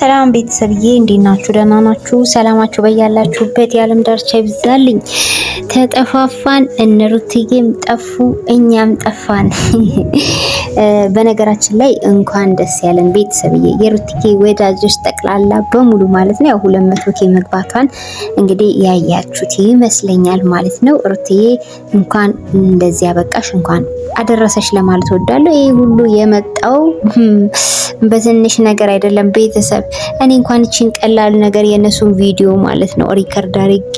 ሰላም ቤተሰብዬ፣ እንዴት ናችሁ? ደህና ናችሁ? ሰላማችሁ በያላችሁበት የዓለም ዳርቻ ይብዛልኝ። ተጠፋፋን፣ እነ ሩትዬም ጠፉ፣ እኛም ጠፋን። በነገራችን ላይ እንኳን ደስ ያለን ቤተሰብዬ፣ የሩትኬ ወዳጆች ጠቅላላ በሙሉ ማለት ነው። ያው ሁለት መቶ ኬ መግባቷን እንግዲህ ያያችሁት ይመስለኛል ማለት ነው። ሩትዬ እንኳን እንደዚህ አበቃሽ፣ እንኳን አደረሰሽ ለማለት ወዳለሁ። ይህ ሁሉ የመጣው በትንሽ ነገር አይደለም ቤተሰብ። እኔ እንኳን እቺን ቀላል ነገር የእነሱን ቪዲዮ ማለት ነው ሪከርድ አድርጌ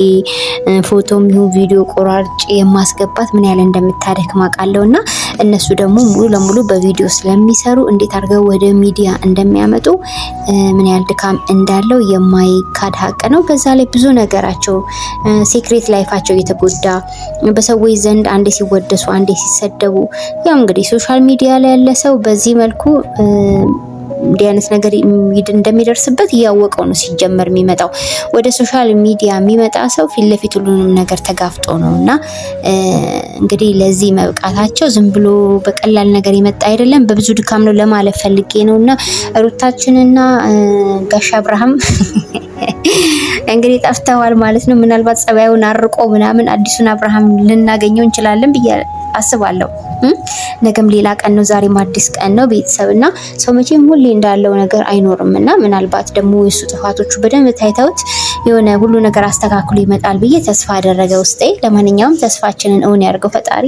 ፎቶም ይሁን ቪዲዮ ቆራርጬ የማስገባት ምን ያህል እንደምታደክም አውቃለሁ እና እነሱ ደግሞ ሙሉ ለሙሉ በቪዲዮ ስለሚሰሩ እንዴት አድርገው ወደ ሚዲያ እንደሚያመጡ ምን ያህል ድካም እንዳለው የማይካድ ሀቅ ነው። በዛ ላይ ብዙ ነገራቸው ሴክሬት ላይፋቸው የተጎዳ በሰዎች ዘንድ አንዴ ሲወደሱ፣ አንዴ ሲሰደቡ ያው እንግዲህ ሶሻል ሚዲያ ላይ ያለ ሰው በዚህ መልኩ እንዲህ አይነት ነገር እንደሚደርስበት እያወቀው ነው ሲጀመር የሚመጣው። ወደ ሶሻል ሚዲያ የሚመጣ ሰው ፊት ለፊት ሁሉንም ነገር ተጋፍጦ ነው እና እንግዲህ ለዚህ መብቃታቸው ዝም ብሎ በቀላል ነገር የመጣ አይደለም፣ በብዙ ድካም ነው ለማለት ፈልጌ ነው እና ሩታችንና ጋሽ አብርሃም እንግዲህ ጠፍተዋል ማለት ነው። ምናልባት ጸባዩን አርቆ ምናምን አዲሱን አብርሃም ልናገኘው እንችላለን ብዬ አስባለሁ። ነገም ሌላ ቀን ነው፣ ዛሬም አዲስ ቀን ነው። ቤተሰብ እና ሰው መቼም ሁሌ እንዳለው ነገር አይኖርም እና ምናልባት ደግሞ የሱ ጥፋቶቹ በደንብ ታይተውት የሆነ ሁሉ ነገር አስተካክሎ ይመጣል ብዬ ተስፋ አደረገ ውስጤ። ለማንኛውም ተስፋችንን እውን ያደርገው ፈጣሪ።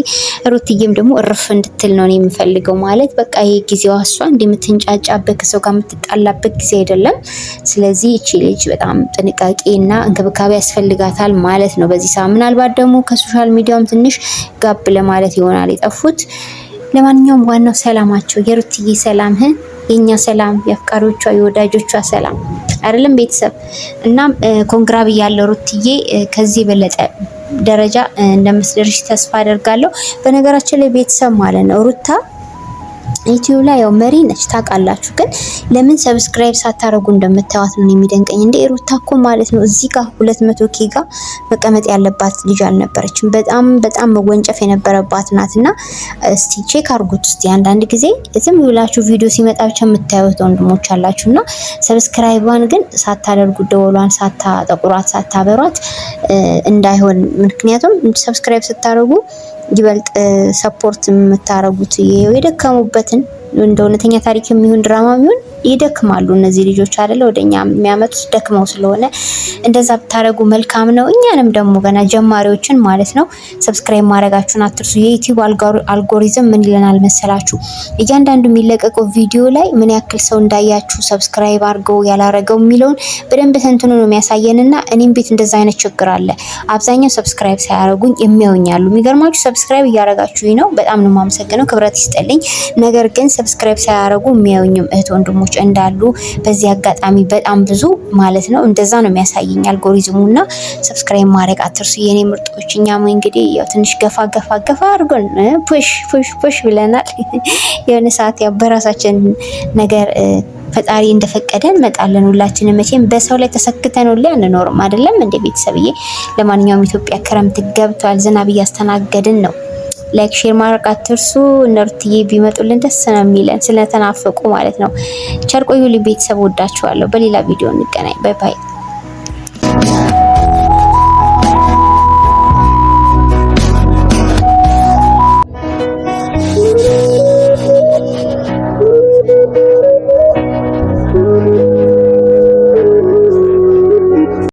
ሩትዬም ደግሞ እርፍ እንድትል ነው የምፈልገው ማለት በቃ ይሄ ጊዜዋ እሷ እንደምትንጫጫበት ከሰው ጋር የምትጣላበት ጊዜ አይደለም። ስለዚህ እቺ ልጅ በጣም ጥንቃቄ እና እንክብካቤ ያስፈልጋታል ማለት ነው በዚህ ሰዓት። ምናልባት ደግሞ ከሶሻል ሚዲያውም ትንሽ ጋብ ለማለት ይሆናል የጠፉት። ለማንኛውም ዋናው ሰላማቸው የሩትዬ ሰላም፣ የእኛ ሰላም፣ የአፍቃሪዎቿ የወዳጆቿ ሰላም አይደለም ቤተሰብ። እናም ኮንግራ ብያለሁ ሩትዬ፣ ከዚህ የበለጠ ደረጃ እንደምትደርሽ ተስፋ አደርጋለሁ። በነገራችን ላይ ቤተሰብ ማለት ነው ሩታ ዩቲዩብ ላይ ያው መሪ ነች ታውቃላችሁ። ግን ለምን ሰብስክራይብ ሳታደርጉ እንደምታዩት ነው የሚደንቀኝ። እንደ ሩታ እኮ ማለት ነው እዚህ ጋር ሁለት መቶ ኬ መቀመጥ ያለባት ልጅ አልነበረችም። በጣም በጣም መወንጨፍ የነበረባት ናት። እና እስቲ ቼክ አርጉት እስቲ አንዳንድ ጊዜ ዝም ብላችሁ ቪዲዮ ሲመጣ ብቻ የምታዩት ወንድሞች አላችሁ። እና ሰብስክራይቧን ግን ሳታደርጉ ደወሏን ሳታጠቁሯት፣ ሳታበሯት እንዳይሆን ምክንያቱም ሰብስክራይብ ስታደርጉ ይበልጥ ሰፖርት የምታደርጉት የደከሙበትን እንደ እውነተኛ ታሪክ የሚሆን ድራማ የሚሆን ይደክማሉ እነዚህ ልጆች አይደለ ወደኛ እኛ የሚያመጡት ደክመው ስለሆነ እንደዛ ብታደረጉ መልካም ነው። እኛንም ደግሞ ገና ጀማሪዎችን ማለት ነው ሰብስክራይብ ማድረጋችሁን አትርሱ። የዩቲዩብ አልጎሪዝም ምን ይለናል መሰላችሁ? እያንዳንዱ የሚለቀቀው ቪዲዮ ላይ ምን ያክል ሰው እንዳያችሁ ሰብስክራይብ አድርገው ያላረገው የሚለውን በደንብ ተንትኖ ነው የሚያሳየንና እኔም ቤት እንደዛ አይነት ችግር አለ። አብዛኛው ሰብስክራይብ ሳያደረጉኝ የሚያውኛሉ። የሚገርማችሁ ሰብስክራይብ እያደረጋችሁኝ ነው። በጣም ነው የማመሰግነው። ክብረት ይስጠልኝ። ነገር ግን ሰብስክራይብ ሳያደረጉ የሚያውኝም እህት ወንድሞች ሰዎች እንዳሉ በዚህ አጋጣሚ በጣም ብዙ ማለት ነው እንደዛ ነው የሚያሳየኝ አልጎሪዝሙ እና ሰብስክራይብ ማድረግ አትርሱ የኔ ምርጦች። እኛም እንግዲህ ያው ትንሽ ገፋ ገፋ ገፋ አድርጎን ፑሽ ፑሽ ፑሽ ብለናል። የሆነ ሰዓት ያው በራሳችን ነገር ፈጣሪ እንደፈቀደ እንመጣለን። ሁላችንም መቼም በሰው ላይ ተሰክተን ሁሌ አንኖርም አይደለም እንደ ቤተሰብዬ። ለማንኛውም ኢትዮጵያ ክረምት ገብቷል፣ ዝናብ እያስተናገድን ነው። ላይክ ሼር ማድረግ አትርሱ። እነሩትዬ ቢመጡልን ደስ ነው የሚለን ስለተናፈቁ ማለት ነው። ቸርቆዩ ቆዩልኝ ቤተሰብ፣ ወዳችኋለሁ። በሌላ ቪዲዮ እንገናኝ። ባይ ባይ።